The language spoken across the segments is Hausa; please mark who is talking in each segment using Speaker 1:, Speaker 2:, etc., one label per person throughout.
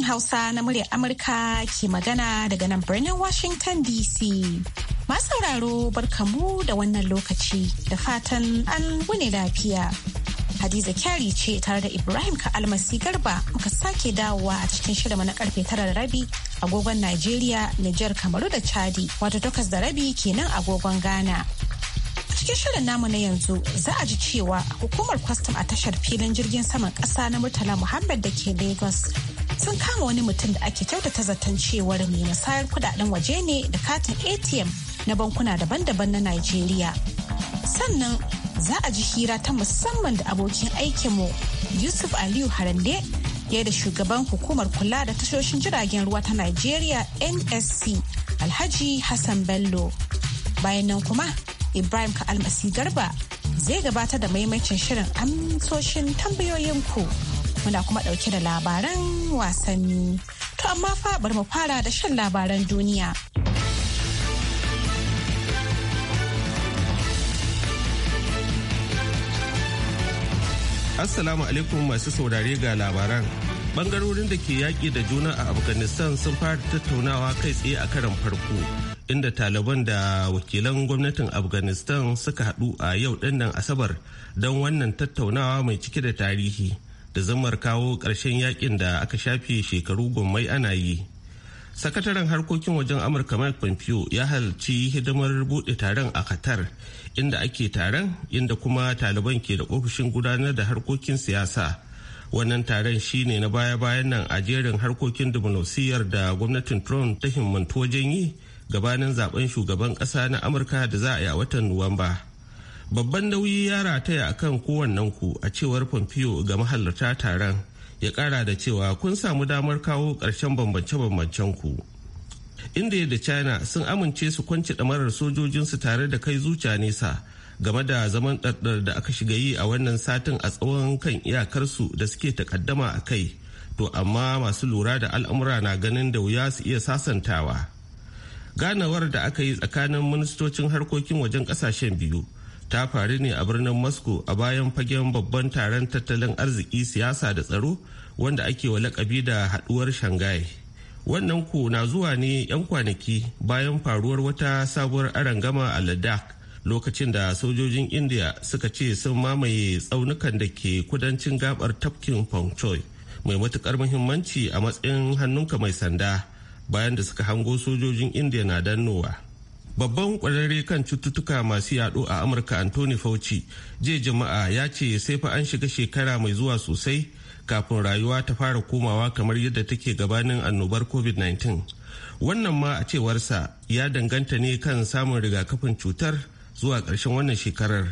Speaker 1: sashen Hausa na muryar Amurka ke magana daga nan birnin Washington DC. Masu sauraro barkamu da wannan lokaci da fatan an wune lafiya. Hadiza Kyari ce tare da Ibrahim Ka'almasi Garba muka sake dawowa a cikin shirin na karfe tara da rabi agogon Najeriya, Nijar, Kamaru da Chadi wato takwas da rabi ke nan agogon Ghana. cikin shirin namu na yanzu za a ji cewa hukumar kwastam a tashar filin jirgin saman ƙasa na murtala muhammad da ke lagos sun kama wani mutum da ake kyautata zaton cewar mai musayar kudaden waje ne da katin atm na bankuna daban-daban na nigeria sannan za a ji hira ta musamman da abokin aikinmu yusuf aliyu harande ya da shugaban hukumar kula da tashoshin jiragen ruwa ta nigeria nsc alhaji hassan bello bayan nan kuma ibrahim ka almasi garba zai gabata da maimacin shirin amsoshin tambayoyinku. muna kuma ɗauke da labaran wasanni. To amma fa bari mu fara da shan labaran duniya.
Speaker 2: Assalamu alaikum masu saurare ga labaran. Bangarorin da ke yaƙi da juna a Afghanistan sun fara tattaunawa kai tsaye a karan farko, inda taliban da wakilan gwamnatin Afghanistan suka haɗu a yau ɗinnan Asabar don wannan tattaunawa mai cike da tarihi. da zamar kawo ƙarshen yakin da aka shafe shekaru gwammai ana yi sakataren harkokin wajen amurka mike pompeo ya halarci hidimar buɗe taron a qatar inda ake taron inda kuma taliban ke da ofishin gudanar da harkokin siyasa wannan taron shine na baya-bayan nan a jerin harkokin diflomasiyyar da gwamnatin trump ta himmantu wajen yi gabanin zaben shugaban ƙasa na amurka da za a yi a watan nuwamba babban nauyi ya rataya a kan kowannen ku a cewar pompeo ga mahalarta taron ya kara da cewa kun samu damar kawo karshen bambance-bambancen ku india da china sun amince su kwanci damarar sojojinsu tare da kai zuciya nesa game da zaman ɗaɗɗar da aka shiga yi a wannan satin a tsawon kan iyakarsu da suke takaddama a kai to amma masu lura da al'amura na ganin da wuya su iya sasantawa ganawar da aka yi tsakanin ministocin harkokin wajen ƙasashen biyu ta faru ne a birnin moscow a bayan fagen babban taron tattalin arziki siyasa da tsaro wanda ake wa lakabi da haduwar shanghai wannan ku na zuwa ne 'yan kwanaki bayan faruwar wata sabuwar arangama a ladakh lokacin da sojojin india suka ce sun mamaye tsaunukan da ke kudancin gabar tafkin Choi mai matukar muhimmanci a matsayin hannunka mai sanda bayan da suka hango sojojin india na dannowa. babban kwararre kan cututtuka masu yaɗo a amurka anthony fauci je jama'a ya ce sai fa an shiga shekara mai zuwa sosai kafin rayuwa ta fara komawa kamar yadda take gabanin annobar covid-19 wannan ma a cewarsa ya danganta ne kan samun rigakafin cutar zuwa ƙarshen wannan shekarar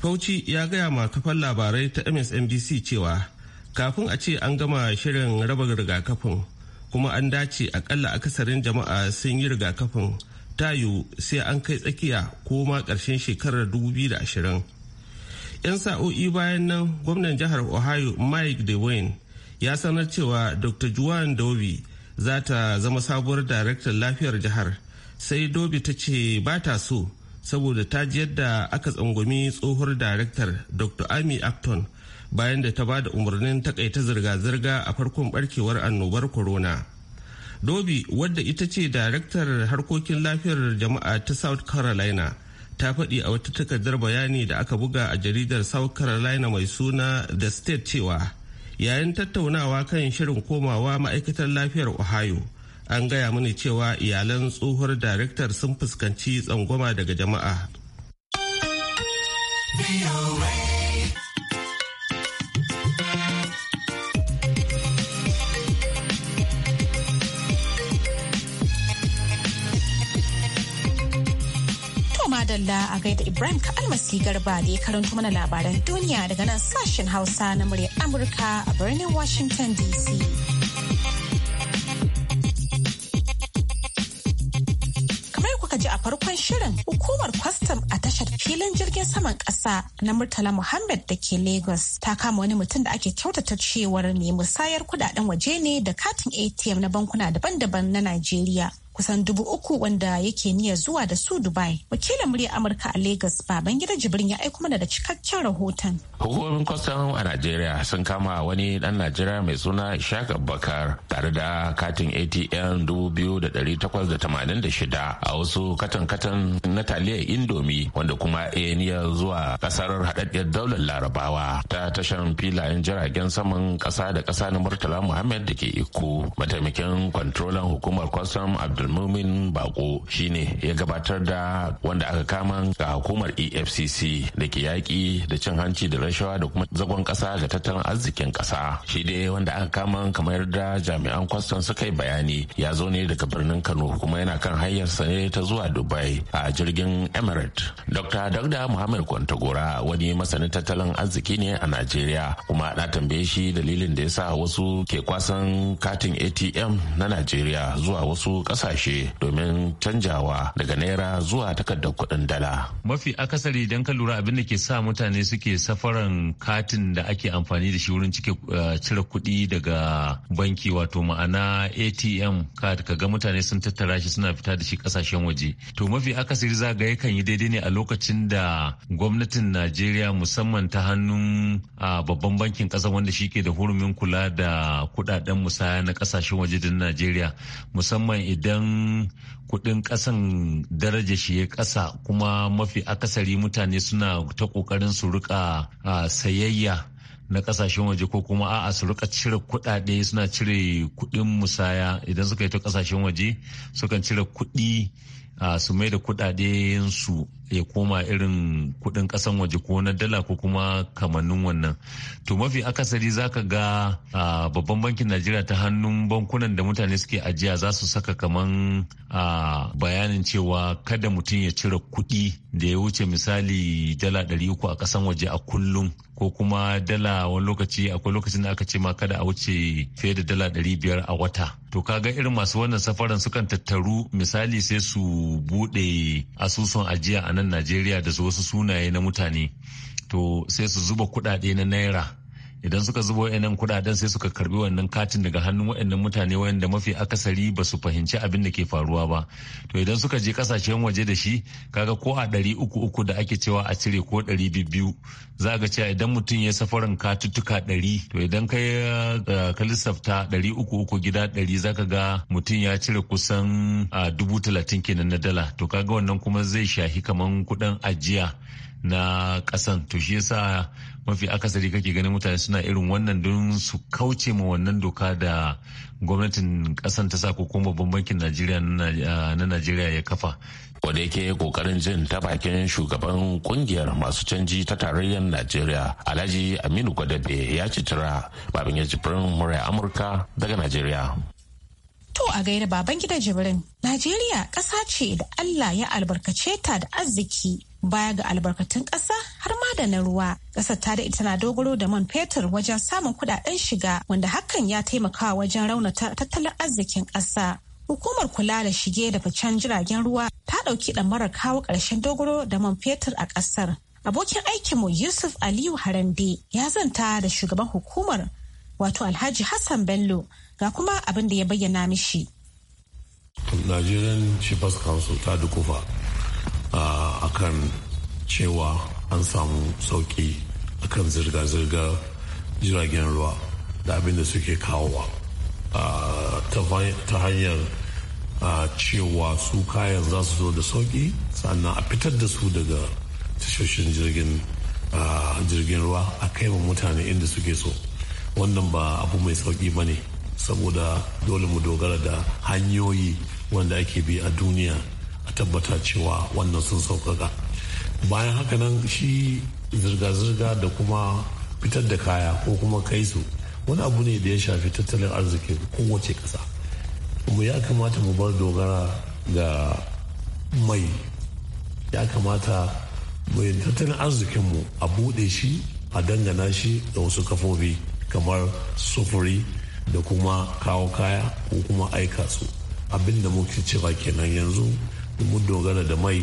Speaker 2: fauci ya gaya ma kafan labarai ta msnbc cewa kafin a ce an gama shirin raba rigakafin kuma an dace akalla akasarin jama'a sun yi rigakafin ta yiwu sai an kai tsakiya ko ma ƙarshen shekarar 2020 'yan sa'o'i bayan nan gwamnan jihar ohio mike dewayne ya sanar cewa dr juan dobi za ta zama sabuwar daraktar lafiyar jihar sai dobi ta ce ba ta so saboda ta ji yadda aka tsangwami tsohuwar daraktar dr amy acton bayan da ta ba da umarnin takaita zirga-zirga a farkon barkewar annobar corona. dobi wadda ita ce daraktar harkokin lafiyar jama'a ta south carolina ta faɗi a wata takardar bayani da aka buga a jaridar south carolina mai suna the state cewa yayin tattaunawa kan shirin komawa ma'aikatar lafiyar ohio an gaya mini cewa iyalan tsohuwar daraktar sun fuskanci tsangwama daga jama'a.
Speaker 1: Dalla a gaida Ibrahim ka almasi garba da ya karanto mana labaran duniya daga nan sashen Hausa na muryar Amurka a birnin Washington DC. Kamar kuka ji a farkon shirin hukumar kwastam a tashar filin jirgin saman kasa na Murtala Muhammad da ke Lagos ta kama wani mutum da ake kyautata cewar ne musayar kudaden waje ne da katin ATM na bankuna daban-daban na Najeriya. kusan dubu uku wanda yake niyya zuwa da su Dubai. Wakilin murya Amurka a Lagos baban gida Jibrin ya aiko mana da cikakken rahoton.
Speaker 3: Hukumomin kwastam a Najeriya sun kama wani dan Najeriya mai suna Ishaq Abubakar tare da katin ATM dubu biyu da dari takwas da tamanin da shida a wasu katan-katan na taliyar Indomi wanda kuma ya niyyar zuwa kasar haɗaɗɗiyar daular Larabawa ta tashar filayen jiragen saman ƙasa da ƙasa na Murtala Muhammad da ke Iko mataimakin kwantrolan hukumar kwastam Abdul almomin bako shine ya gabatar da wanda aka kama ga hukumar efcc da ke yaƙi da cin hanci da rashawa da kuma zagon ƙasa ga tattalin arzikin ƙasa shi dai wanda aka kama kamar da jami'an kwastan suka yi bayani ya zo ne daga birnin kano kuma yana kan hanyarsa ne ta zuwa dubai a jirgin emirate dr dauda muhammad kwantagora wani masanin tattalin arziki ne a najeriya kuma na tambaye shi dalilin da ya sa wasu ke kwasan katin atm na najeriya zuwa wasu ƙasashe kasashe domin canjawa daga naira zuwa takardar kuɗin dala.
Speaker 4: Mafi akasari idan ka lura abin da ke sa mutane suke safaran katin da ake amfani da shi wurin cike eh, cire kuɗi daga banki wato ma'ana ATM card ka ga mutane sun tattara shi suna fita da shi kasashen waje. To mafi akasari za ga yakan yi daidai ne a lokacin da gwamnatin Najeriya musamman ta hannun babban bankin ƙasa wanda shi ke da hurumin kula da kuɗaɗen musaya na kasashen waje din Najeriya musamman idan idan kudin kasan daraja shi ya kasa kuma mafi akasari mutane suna ta kokarin su rika sayayya na kasashen waje ko kuma a'a su rika cire kudade suna cire kudin musaya idan suka yi ta kasashen waje sukan cire kudi su mai da kudade su ya koma irin kudin kasan waje ko na dala ko kuma kamannin wannan to mafi akasari zaka ga babban bankin najeriya ta hannun bankunan da mutane suke ajiya za su saka kaman bayanin cewa kada mutum ya cire kuɗi da ya wuce misali dala uku a kasan waje a kullum ko kuma dala wani lokaci akwai lokacin da aka ce ma kada a wuce fiye da dala biyar a wata to ka ga irin masu wannan safaran sukan tattaru misali sai su buɗe asusun ajiya a nan najeriya da wasu sunaye na mutane to sai su zuba kuɗaɗe na naira idan suka zubo wa'annan kudaden sai suka karbi wannan katin daga hannun wa'annan mutane wanda mafi akasari ba su fahimci abin da ke faruwa ba to idan suka je kasashen waje da shi kaga ko a ɗari uku uku da ake cewa a cire ko ɗari biyu za ga cewa idan mutum ya safarin katuttuka ɗari to idan ka eh, ka lissafta ɗari uku uku gida ɗari za ka ga mutum ya cire kusan eh, dubu talatin kenan na dala to kaga wannan kuma zai shahi kaman kuɗin ajiya na kasan to shi yasa mafi akasari kake ganin mutane suna irin wannan don su kauce ma wannan doka da gwamnatin kasan ta sa ko kuma babban bankin najeriya
Speaker 3: na ah, najeriya ya kafa wanda yake kokarin jin ta bakin shugaban kungiyar masu canji ta tarayyar najeriya alhaji aminu gwadabe ya tura babin ya murai amurka daga najeriya
Speaker 1: To a gaira baban gida jibrin Najeriya ƙasa ce da Allah ya albarkace ta da arziki baya ga albarkatun ƙasa har ma da na ruwa ƙasar ta daɗe tana dogaro da man fetur wajen samun kuɗaɗen shiga wanda hakan ya taimaka wajen raunata tattalin arzikin ƙasa hukumar kula da shige da ficen jiragen ruwa ta ɗauki ɗamarar kawo ƙarshen dogaro da man fetur a ƙasar abokin aikinmu yusuf aliyu harande ya zanta da shugaban hukumar wato alhaji hassan bello ga kuma abin da ya bayyana mishi
Speaker 5: nigerian shippers council ta dukufa a akan cewa an samu sauki akan zirga-zirga jiragen ruwa da abin da suke kawowa ta hanyar cewa su kayan za su zo da sauki sannan a fitar da su daga tashoshin jirgin jirgin ruwa a kai wa mutane inda suke so wannan ba abu mai sauki ba ne saboda dole mu dogara da hanyoyi wanda ake bi a duniya tabbata cewa wannan sun sauƙaƙa bayan haka nan shi zirga-zirga da kuma fitar da kaya ko kuma kai su wani abu ne da ya shafi tattalin arzikin kowace ƙasa mu ya kamata mu bar dogara ga mai ya kamata mai tattalin arzikinmu a buɗe shi a dangana shi da wasu kafofi kamar sufuri da kuma kawo kaya ko kuma aika su abinda muke cewa kenan yanzu mu dogara da mai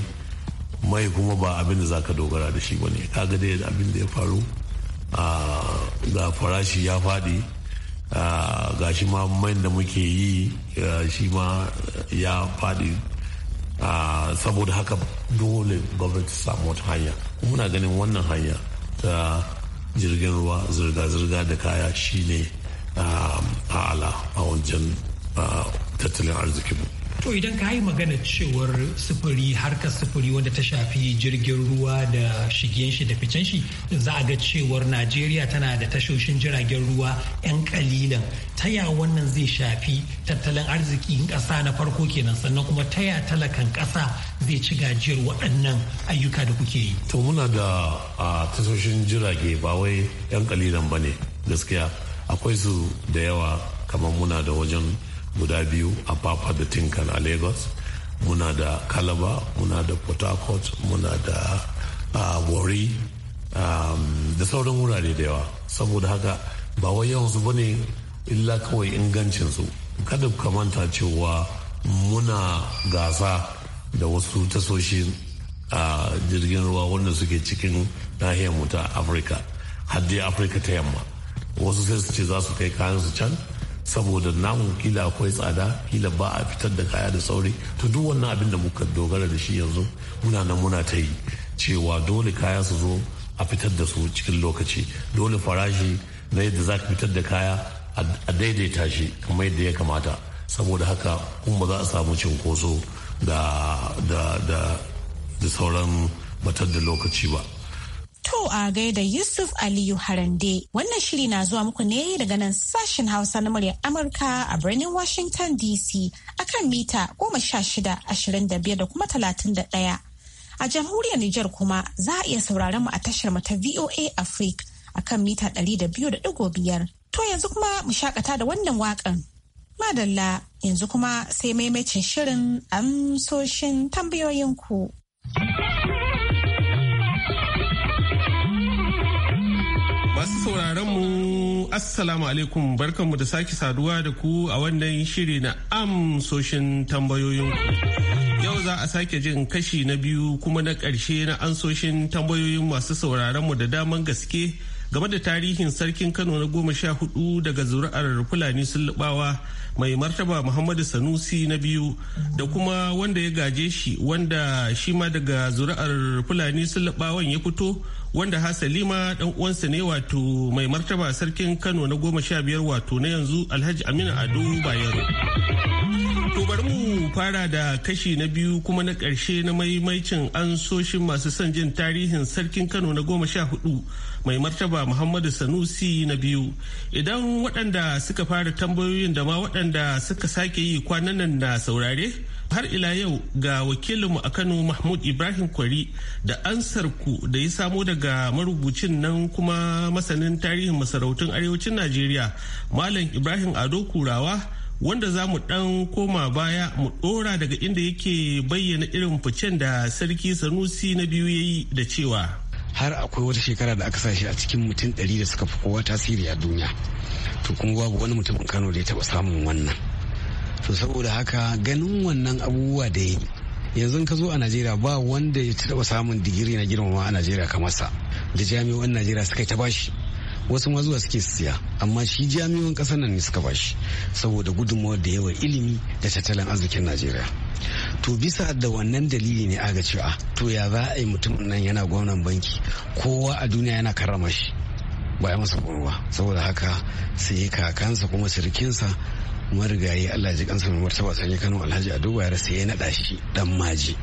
Speaker 5: mai kuma ba abin da za ka dogara da shi bane kaga dai abin da ya faru ga farashi ya faɗi ga shi ma mai da muke yi shi ma ya faɗi saboda haka dole gwamnati samu wata hanya muna ganin wannan hanya ta jirgin ruwa zirga-zirga da kaya shi ne a ala a wancan tattalin arzikinmu
Speaker 6: To idan ka yi magana cewar sufuri harkar sufuri wanda ta shafi jirgin ruwa da shigen shi da ficen shi za a ga cewar Najeriya tana da tashoshin jiragen ruwa 'yan kalilan ta ya wannan zai shafi tattalin arzikin ƙasa na farko kenan sannan kuma ta ya talakan ƙasa zai ci gajiyar waɗannan ayyuka da kuke yi. To muna
Speaker 5: da tashoshin jirage ba wai 'yan kalilan bane gaskiya akwai su da yawa kamar muna da wajen guda biyu a papa da tinkan a lagos muna da kalaba muna da port harcourt muna da wari um, da sauran wurare da yawa saboda haka ba wai yawansu ba ne illa kawai ingancin su kada ka manta cewa muna gasa da wasu tasoshin a jirgin ruwa wanda suke cikin nahiyar mu ta afirka har dai afirka ta yamma wasu sai su ce za su kai kayan su can saboda namun kila akwai tsada kila ba a fitar da kaya da sauri to duk wannan abin da muka dogara da shi yanzu muna nan muna ta yi cewa dole kaya su zo a fitar da su cikin lokaci dole farashi na yadda za ka fitar da kaya a daidaita shi kamar yadda ya kamata saboda haka kuma ba za a samu cinkoso da sauran batar da lokaci ba
Speaker 1: To a gaida Yusuf Aliyu Harande. Wannan shiri na zuwa muku ne daga nan sashen Hausa na muryar Amurka a birnin Washington DC akan mita goma sha shida ashirin da biyar da kuma talatin da ɗaya. A jamhuriyar Nijar kuma za a iya sauraron mu a tashar mu ta VOA Africa akan mita ɗari da biyu da ɗigo biyar. To yanzu kuma mu shakata da wannan waƙan. Madalla yanzu kuma sai maimacin shirin amsoshin tambayoyinku. ku.
Speaker 2: Masu sauraron mu Assalamu alaikum barkanmu da sake saduwa da ku a wannan shiri na amsoshin tambayoyin Yau za a sake jin kashi na biyu kuma na ƙarshe na ansoshin tambayoyin masu sauraron mu da daman gaske game da tarihin sarkin Kano na goma sha hudu daga zuri'ar Fulani sulubawa mai martaba Muhammadu Sanusi na biyu da kuma wanda ya gaje shi wanda shi ma daga zuri'ar Fulani sulubawan ya fito wanda Lima dan uwansa ne wato mai martaba sarkin kano na goma sha biyar wato na yanzu alhaji aminu ado bayero to bari mu fara da kashi na biyu kuma na ƙarshe na maimaicin an soshin masu son jin tarihin sarkin Kano na goma sha hudu mai martaba Muhammadu Sanusi na biyu. Idan waɗanda suka fara tambayoyin da ma waɗanda suka sake yi kwanan nan na saurare, har ila yau ga wakilinmu a Kano Mahmud Ibrahim Kwari da ansar ku da ya samo daga marubucin nan kuma masanin tarihin masarautun arewacin Najeriya, Malam Ibrahim Ado Kurawa. wanda za mu ɗan koma baya mu ɗora daga inda yake bayyana irin ficen da sarki sanusi na biyu ya yi da cewa
Speaker 7: har akwai wata shekara da aka sashi a cikin mutum ɗari da suka fi kowa tasiri a duniya to kuma babu wani mutumin kano da ya taɓa samun wannan to saboda haka ganin wannan abubuwa da ya yanzu ka zo a najeriya ba wanda ya taɓa samun digiri na girmama a najeriya kamar sa da jami'o'in najeriya suka ta bashi wasu ma zuwa suke siya amma shi jami'an kasar nan ne suka bashi saboda gudunmawar da yawa ilimi da tattalin arzikin najeriya to bisa da wannan dalili ne aga cewa to ya za a yi mutum nan yana gwamnan banki kowa a duniya yana karrama shi ba ya masa ba saboda haka sai kakansa kuma sirkinsa marigayi allah ji kansa mai martaba sanye kano alhaji adoba ya sai ya naɗa shi dan maji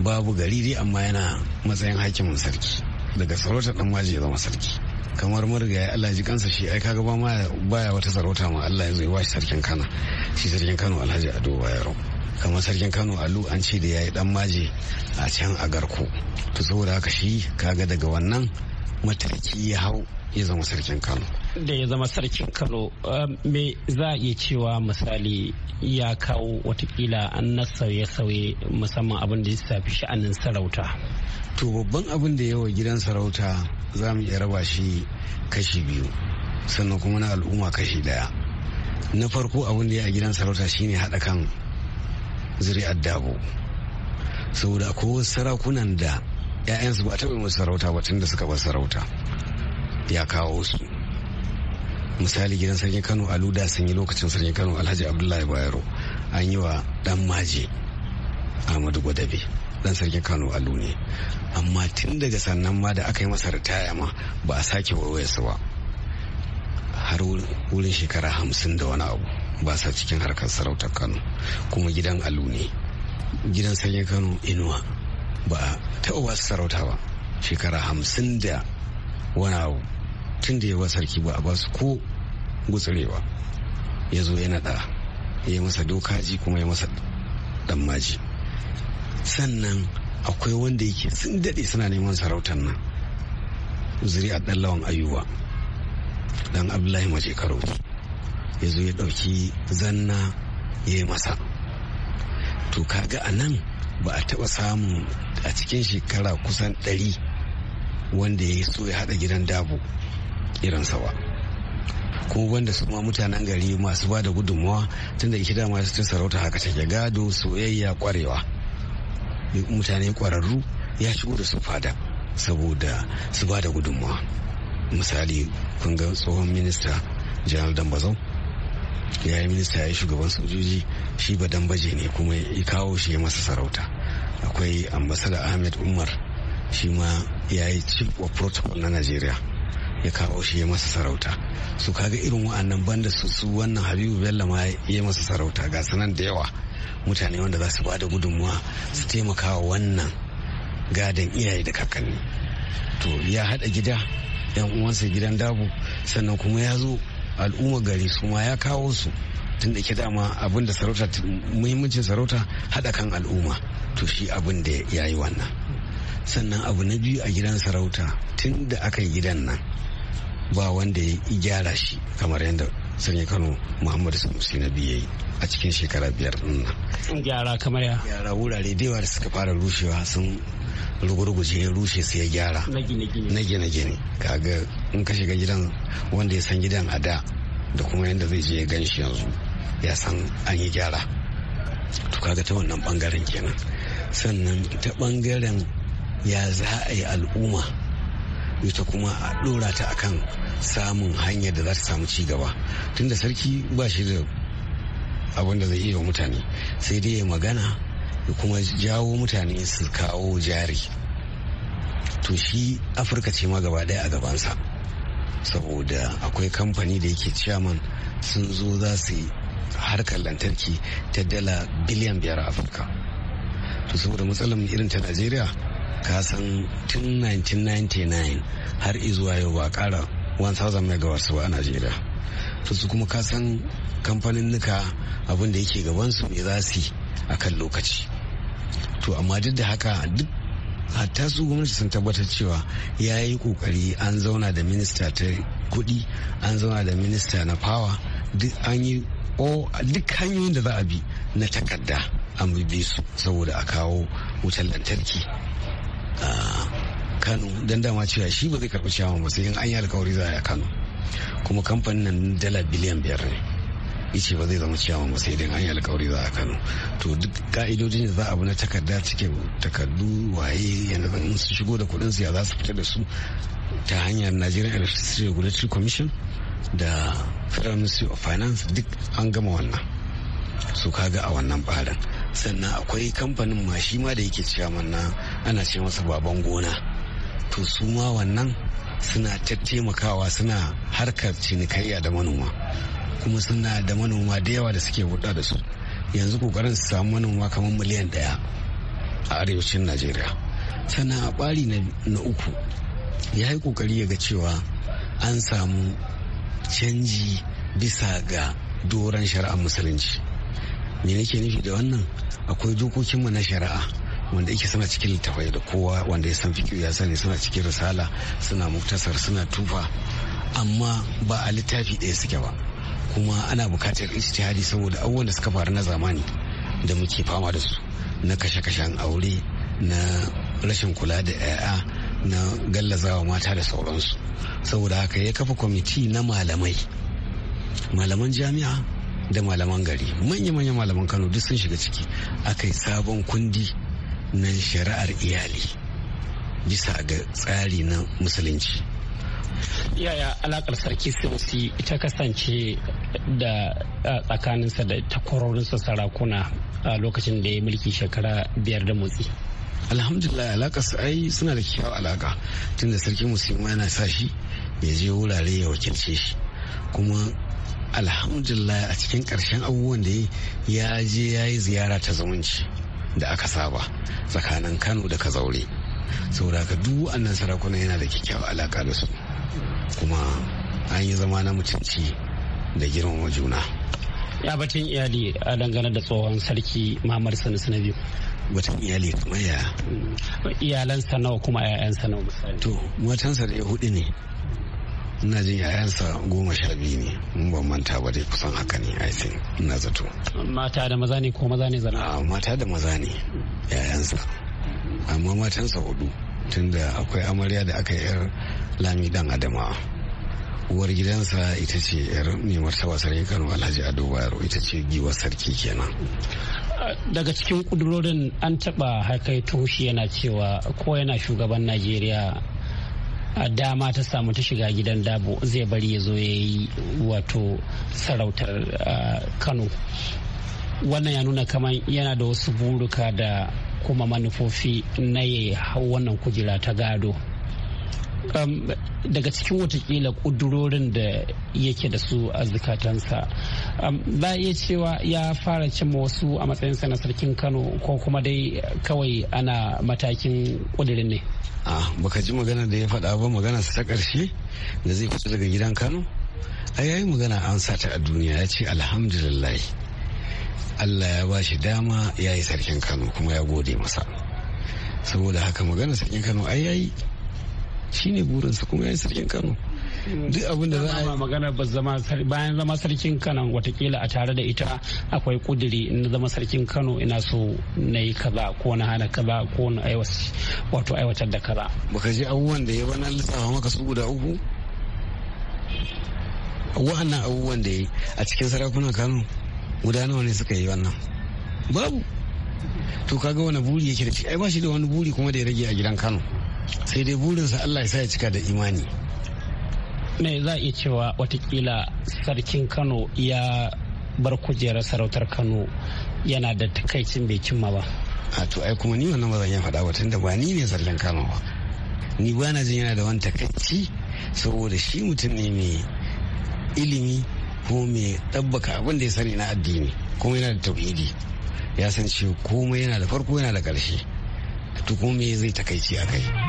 Speaker 7: babu gari dai amma yana matsayin hakimin sarki daga sarautar dan maji ya zama sarki kamar ya Allah ji kansa shi ai kaga ba ma baya wata sarauta ma Allah yanzu ya washi sarkin Kano shi sarkin Kano Alhaji Ado Bayero kamar sarkin Kano Alu an ce da yayi dan maje a can a garko to saboda haka shi kaga daga wannan mataki ya hau ya zama sarkin Kano
Speaker 6: da ya zama sarkin Kano eh, me za a iya cewa misali ya kawo watakila an na
Speaker 7: sauye-sauye musamman abin da ya shafi sha'anin sarauta to babban abin da yawa gidan sarauta za mu iya raba shi kashi biyu sannan kuma na al'umma kashi daya na farko abin da ya a gidan sarauta shine haɗa kan zuri'ar dabo saboda ko sarakunan da 'ya'yansu ba a taɓa sarauta ba tun da suka bar sarauta ya kawo su misali gidan sarkin kano a luda sun yi lokacin sarki kano alhaji abdullahi bayero an yi wa dan maje ahmadu gwadabe dan sarkin kano alu ne amma tun daga sannan ma da aka yi masa ritaya ma ba a sake waiwayarsa ba har wurin shekara hamsin da wani abu ba sa cikin harkar sarautar kano kuma gidan alu ne gidan sarkin kano inuwa ba a taɓa ba su sarauta ba shekara hamsin da wani abu tun da yawa sarki ba a ba su ko gutsurewa ya zo yana ɗaya ya yi masa dokaji kuma ya masa ɗan maji sannan akwai wanda yake sun daɗe suna neman sarautar nan zuri'a ɗan lawan ayuwa. dan abdullahi mace karo ya zo ya ɗauki zanna ya yi masa to kaga a nan ba a taɓa samu a cikin shekara kusan ɗari wanda ya so ya haɗa gidan dabo irinsa ba Ko wanda su ma mutanen gari masu ba da gudunmawa tun da ita dama sarauta haka take gado soyayya kwarewa mutane kwararru ya shigo da su fada saboda su ba da gudunmawa misali kun ga tsohon minista janar dambazau ya yi minista ya yi shugaban sojoji shi ba dambaje ne kuma ya kawo shi ya masa sarauta akwai ambasada ahmed umar shi ma ya yi chief of protocol na najeriya ya kawo shi ya masa sarauta su kaga irin wa'annan banda su su wannan habibu bello ma ya masa sarauta ga sanan da yawa mutane wanda za su ba da gudunmuwa su taimaka wa wannan gadon iyaye da kakanni to ya haɗa gida yan uwansa gidan dabu sannan kuma ya zo al'umma gari su ma ya kawo su tun da ke dama abinda sarauta muhimmancin sarauta haɗa kan al'umma to shi abin da ya yi wannan sannan abu na biyu a gidan sarauta tun da aka yi gidan nan ba wanda ya gyara shi kamar yadda sanya kano muhammadu sanusi na biyu ya yi a cikin shekara biyar din nan gyara kamar ya gyara wurare da da suka fara rushewa sun rugurguje ya rushe sai ya gyara na gine-gine kaga in ka shiga gidan wanda ya san gidan a da da kuma yadda zai je ya gan shi yanzu ya san an yi gyara to kaga ta wannan bangaren kenan sannan ta bangaren ya za a yi al'umma ita kuma a ɗora ta akan samun hanyar da za ta samu ci gaba tunda sarki ba shi da abin da zai iya mutane sai dai ya magana ya kuma jawo mutane su kawo jari to shi afirka ce ma gaba daya a gabansa saboda akwai kamfani da yake chairman sun zo za su yi harkar lantarki ta dala biliyan biyar a afirka to saboda matsalar irin ta najeriya ka san tun 1999 har izuwa yau ba kara 1000 megawatts ba a najeriya su kuma ka san kamfanin nuka abin da gaban su me za su yi a kan lokaci to amma duk da haka duk hatta su gwamnati sun tabbatar cewa ya yi kokari an zauna da minista ta kudi an zauna da minista na fawa duk an yi duk hanyoyin da za a bi na takarda an bi su saboda a kawo wutar lantarki a kano don dama cewa shi ba zai karɓi ciyawan ba sai in an yi alkawari za a kano kuma kamfanin nan dala biliyan biyar ne ice ba zai zama ciyawa ba sai dai an yi alkawari za a kano to duk ka'idodin da za a bi na takarda cike takardu waye yanzu in su shigo da kuɗin siya za su fita da su ta hanyar nigerian electricity regulatory commission da federal ministry of finance duk an gama wannan su kaga a wannan barin sannan akwai kamfanin ma shi ma da yake ciyaman na ana ce masa baban gona to su ma wannan suna ta taimakawa suna harkar cinikayya da manoma kuma suna da manoma da yawa da suke hulɗa da su yanzu kokarin su samu manoma kamar miliyan daya a arewacin najeriya sannan a ɓari na uku ya yi kokari ya ga cewa an samu canji bisa ga doron shari'ar musulunci me nake nufi da wannan akwai dokokinmu na shari'a wanda yake suna cikin littafai da kowa wanda ya san fikiyu ya sani suna cikin risala suna muktasar suna tufa amma ba a littafi ɗaya suke ba kuma ana buƙatar ijtihadi saboda abubuwan da suka faru na zamani da muke fama da su na kashe-kashen aure na rashin kula da 'ya'ya na gallazawa mata da sauransu saboda haka ya kafa kwamiti na malamai malaman jami'a da malaman gari manya-manya malaman kano duk sun shiga ciki aka yi sabon kundi na shari'ar iyali bisa ga tsari na musulunci yaya alakar sarki sinusi
Speaker 6: ta kasance da tsakaninsa da takwarorinsa sarakuna a lokacin da ya mulki
Speaker 7: shekara biyar da motsi alhamdulillah alakar ai suna da kyau alaka tunda sarki musulma yana sa shi ya je wurare ya wakilce shi kuma alhamdulillah a cikin karshen abubuwan da ya je ya yi ziyara ta zumunci da aka saba tsakanin kano da kazaure saboda ka duk wannan sarakuna yana da kyakkyawar alaka da su kuma an yi zama na mutunci da girmama juna
Speaker 6: ya batun iyali a dangane da tsohon sarki mamar sanusi na biyu
Speaker 7: batun iyali kuma ya iyalan nawa kuma 'ya'yansa nawa misali to matansa da ya hudu ne ina jin yayansa goma sha biyu ne mun ban manta ba dai kusan haka ne i think ina zato
Speaker 6: mata da maza ne ko maza ne zana ah, mata da maza
Speaker 7: ne yayansa amma matansa hudu tunda akwai amarya da aka yi yar lami dan adamawa uwar gidansa ita ce yar mai martaba sarki kano alhaji ado bayero ita ce giwar sarki kenan
Speaker 6: daga cikin kudurorin an taba haka tushe yana cewa ko yana shugaban najeriya dama ta samu ta shiga gidan dabo zai bari ya zo ya yi wato sarautar kano wannan ya nuna kamar yana da wasu buruka da kuma manufofi na ya hau wannan kujera ta gado Um, daga cikin watakila kudurorin da yake da su a zukatansa um, za a iya cewa ya fara cimma wasu a matsayinsa na sarkin kano ko kuma dai kawai ana matakin kudirin ne
Speaker 7: ah baka ji magana da ya faɗa ba magana ta ƙarshe da zai fito daga gidan kano a yayi magana an sata a duniya ya ce alhamdulillah allah ya ba shi dama ya yi sarkin kano kuma ya gode masa saboda haka magana sarkin kano ai yayi shi ne burinsa kuma yayin sarkin kano
Speaker 6: duk abin da za a yi magana ba zama bayan zama sarkin kano watakila a tare da ita akwai kuduri na zama sarkin kano ina so na yi kaza ko na hana kaza ko na wato aiwatar da kaza
Speaker 7: baka ji abubuwan da ya bana lissafa maka su guda uku wa'annan abubuwan da ya yi a cikin sarakunan kano guda nawa ne suka yi wannan babu to kaga wani buri yake da shi ai ba shi da wani buri kuma da ya rage a gidan kano sai dai burinsa allah ya sa ya cika da imani me za a iya cewa watakila sarkin
Speaker 6: kano ya bar kujerar sarautar kano yana da takaicin bai cimma ba
Speaker 7: a to ai kuma ni wannan ba ya iya faɗa ba tunda ba ni ne sarkin kano ba ni ba na jin yana da wani takaici saboda shi mutum ne mai ilimi ko mai ɗabbaka abin da ya sani na addini kuma yana da tauhidi ya san cewa komai yana da farko yana da ƙarshe to kuma me zai takaici a kai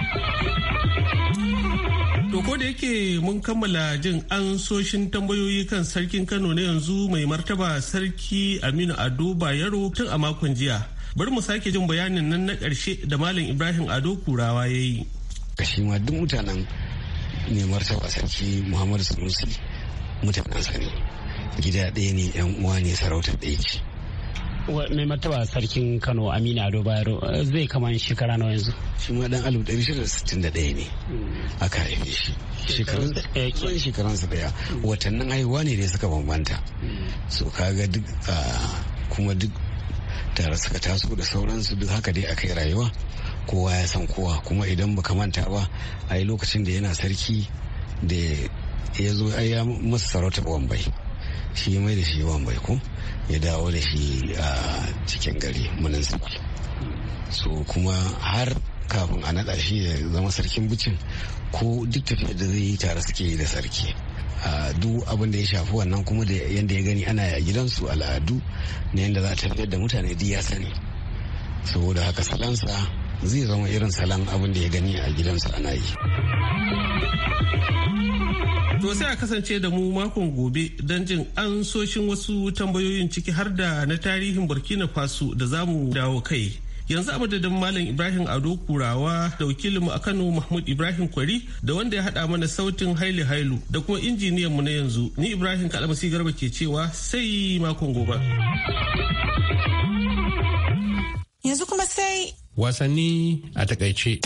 Speaker 2: To ko da yake mun kammala jin an soshin tambayoyi kan sarkin Kano na yanzu mai martaba sarki Aminu Ado Bayero tun a makon jiya. Bari mu sake jin bayanin nan na ƙarshe da Malam Ibrahim Ado Kurawa ya yi. Kashi ma duk
Speaker 7: mutanen ne martaba sarki Muhammadu Sanusi mutanen sani gida ɗaya ne yan uwa ne sarauta ɗaya ce. mai martaba sarkin kano
Speaker 6: amina ado bayero eh, zai kama shekara nawa yanzu
Speaker 7: shi ma dan alif ɗari shida sittin da ne hmm. aka haife shi shekaran shekaransa daya hmm. watannin haihuwa ne da suka bambanta hmm. so kaga duk ah, kuma duk tare suka taso da sauransu duk haka dai aka yi rayuwa kowa ya san kowa kuma idan baka manta ba a lokacin da yana sarki da ya zo ya masa sarauta wambai shi mai da shi wan bai ya dawo da shi a cikin gari sarki so kuma har kafin a naɗa shi ya zama sarkin bicin ko duk tafiya da zai yi tare suke da sarki duk abin da ya shafi wannan kuma da yadda ya gani ana a gidansu al'adu na yadda za a tafiyar da mutane duk ya sani saboda haka salansa zai zama irin salan abin da ya gani a gidansu ana yi
Speaker 2: To sai a kasance da mu makon gobe don jin an soshin wasu tambayoyin ciki har da na tarihin Burkina Faso da za mu dawo kai. Yanzu a madadin Malam Ibrahim Ado Kurawa da wakilinmu a Kano Mahmud Ibrahim Kwari da wanda ya haɗa mana sautin Haile Hailu da kuma injiniyanmu na yanzu ni Ibrahim Kalamasi Garba ke cewa sai makon gobe.
Speaker 1: Yanzu kuma sai
Speaker 8: wasanni a takaice.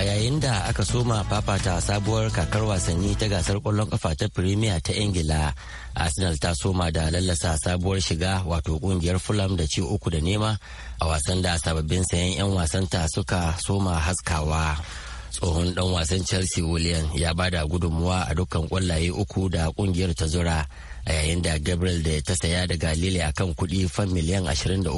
Speaker 8: a yayin da aka soma fafata sabuwar kakar wasanni ta gasar kwallon kafa ta premier ta ingila arsenal ta soma da lallasa sabuwar shiga wato kungiyar fulham da ci uku da nema a wasan da sababbin sayan 'yan wasanta suka soma haskawa tsohon dan wasan chelsea william ya ba da gudunmuwa a dukkan kwallaye uku da kungiyar ta zura a yayin da gabriel da ta saya daga lille akan kudi fan miliyan 23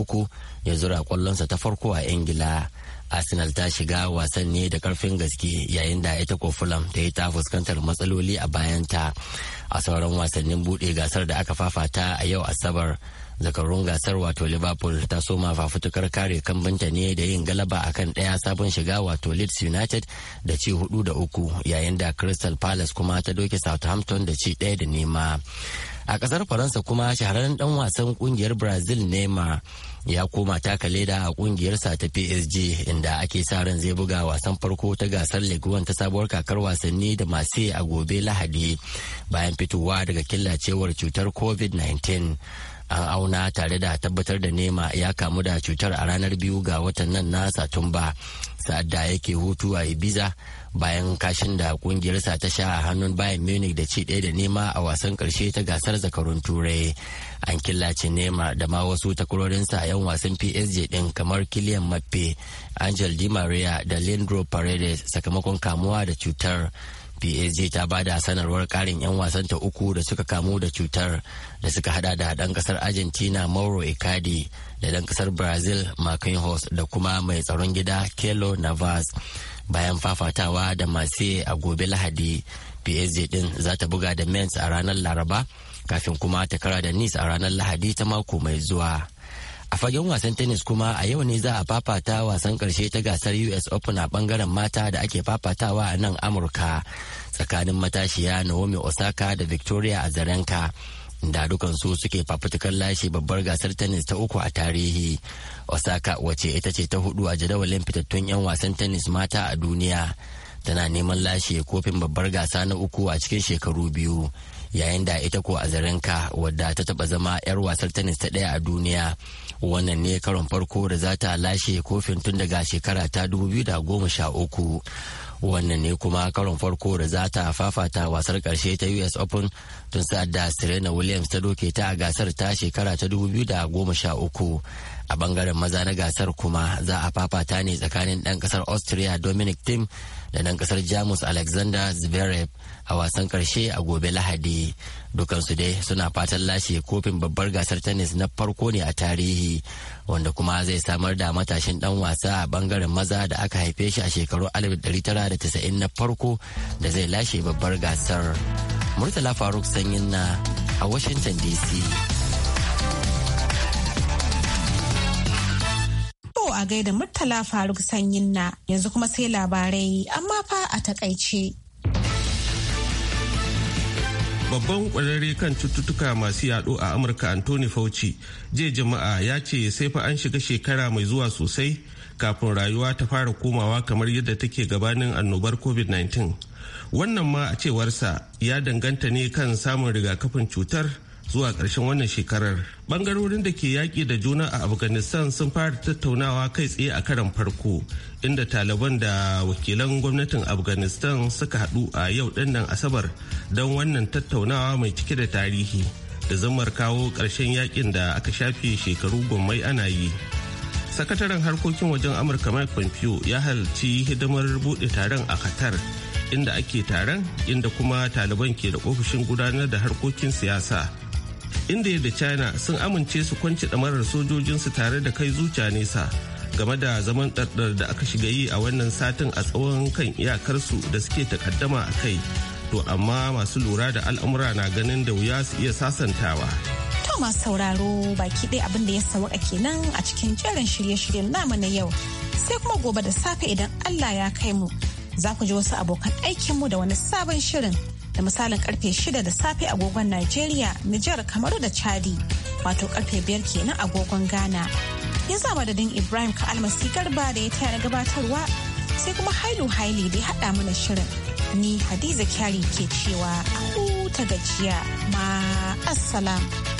Speaker 8: ya zura kwallonsa ta farko a ingila arsenal ta shiga wasan ne da karfin gaske yayin da ita ko fulham ta yi ta fuskantar matsaloli a bayanta a sauran wasannin buɗe gasar da aka fafata a yau asabar zakarun gasar wato liverpool ta soma fafutukar kare kambinta ne da yin galaba akan daya sabon shiga wato leeds united da ci hudu da uku yayin da crystal palace kuma ta doke southampton da ci daya da nema a kasar faransa kuma shahararren dan wasan kungiyar brazil nema ya koma taka leda a kungiyarsa ta psg inda ake sa ran zai buga wasan farko ta gasar leguwan ta sabuwar kakar wasanni da masu a gobe lahadi bayan fitowa daga killacewar cutar covid-19 an auna tare da tabbatar da nema ya kamu da cutar a ranar biyu ga watan nan na satumba sa'ad da yake hutu a ibiza bayan kashin da kungiyarsa ta sha a hannun bayan munich da ci ɗaya da nema a wasan karshe ta gasar zakarun turai an killace nema da ma wasu takwarorinsa a 'yan wasan psg ɗin kamar kilian mappe angel di maria da lindro paredes sakamakon kamuwa da cutar PSG ta ba da sanarwar karin 'yan wasanta uku da suka kamu da cutar da suka hada da ɗan ƙasar Argentina Mauro Icardi da ɗan ƙasar Brazil Marquinhos da kuma mai tsaron gida Kelo Navas. Bayan fafatawa da masu a gobe Lahadi, PSG din za ta buga da Mainz a ranar Laraba kafin kuma ta kara da Nice a ranar Lahadi ta mako mai zuwa. a fagen wasan tennis kuma a yau ne za a fafata wasan karshe ta gasar us open a bangaren mata da ake fafatawa a nan amurka tsakanin matashiya naomi osaka da victoria azarenka da su suke fafutukar lashe babbar gasar tennis ta uku a tarihi osaka wace ita ce ta hudu a jadawalin fitattun 'yan wasan tennis mata a duniya tana neman lashe kofin babbar gasa na uku a cikin shekaru biyu yayin da ita ko azarenka wadda ta taba zama 'yar wasar tennis ta daya a duniya wannan ne karon farko da za ta lashe kofin tun daga shekara ta 2013 wannan ne kuma karon farko da za ta fafata wasar karshe ta us open tun sa'adda da serena williams ta doke ta a gasar ta shekara ta 2013 a bangaren maza na gasar kuma za a fafata ne tsakanin ɗan ƙasar austria dominic tim da ɗan ƙasar jamus alexander zverev a wasan ƙarshe a gobe lahadi dukansu dai suna fatan lashe kofin babbar gasar tennis na farko ne a tarihi wanda kuma zai samar da matashin ɗan wasa a bangaren maza da aka haife shi a shekaru 1990 na farko da zai lashe babbar gasar murtala faruk sanyin na a washington dc
Speaker 1: a gaida Murtala Faruk Sanyin na yanzu kuma sai labarai amma fa a takaice.
Speaker 2: Babban kwararre kan cututtuka masu yaɗo a Amurka Anthony Fauci jiya jama'a ya ce sai fa an shiga shekara mai zuwa sosai kafin rayuwa ta fara komawa kamar yadda take gabanin annobar COVID-19. Wannan ma a cewarsa ya danganta ne kan samun rigakafin cutar. zuwa ƙarshen wannan shekarar bangarorin da ke yaƙi da juna a afghanistan sun fara tattaunawa kai tsaye a karan farko inda taliban da wakilan gwamnatin afghanistan suka haɗu a yau ɗinnan asabar don wannan tattaunawa mai cike da tarihi da zammar kawo ƙarshen yaƙin da aka shafe shekaru gwammai ana yi sakataren harkokin wajen amurka mike pompeo ya halarci hidimar buɗe taron a qatar inda ake taron inda kuma taliban ke da ofishin gudanar da harkokin siyasa india da china sun amince su kwance damarar sojojinsu tare da kai zuciya nesa game da zaman ɗarɗar da aka shiga yi a wannan satin a tsawon kan iyakarsu da suke takaddama a kai to amma masu lura da al'amura na ganin da wuya su iya sasantawa
Speaker 1: to masu sauraro baki ɗaya abin da ya sawaka kenan a cikin jerin shirye-shiryen namu na yau sai kuma gobe da safe idan allah ya kai mu za ku ji wasu abokan aikinmu da wani sabon shirin da misalin karfe 6 da safe agogon Najeriya, Nijar, Kamaru da Chadi, wato karfe 5 kenan agogon Ghana. Ya sa madadin Ibrahim ka almasi garba da ya taya na gabatarwa sai kuma hailu haili da ya haɗa mana shirin. Ni Hadiza Kyari ke cewa a huta gajiya ma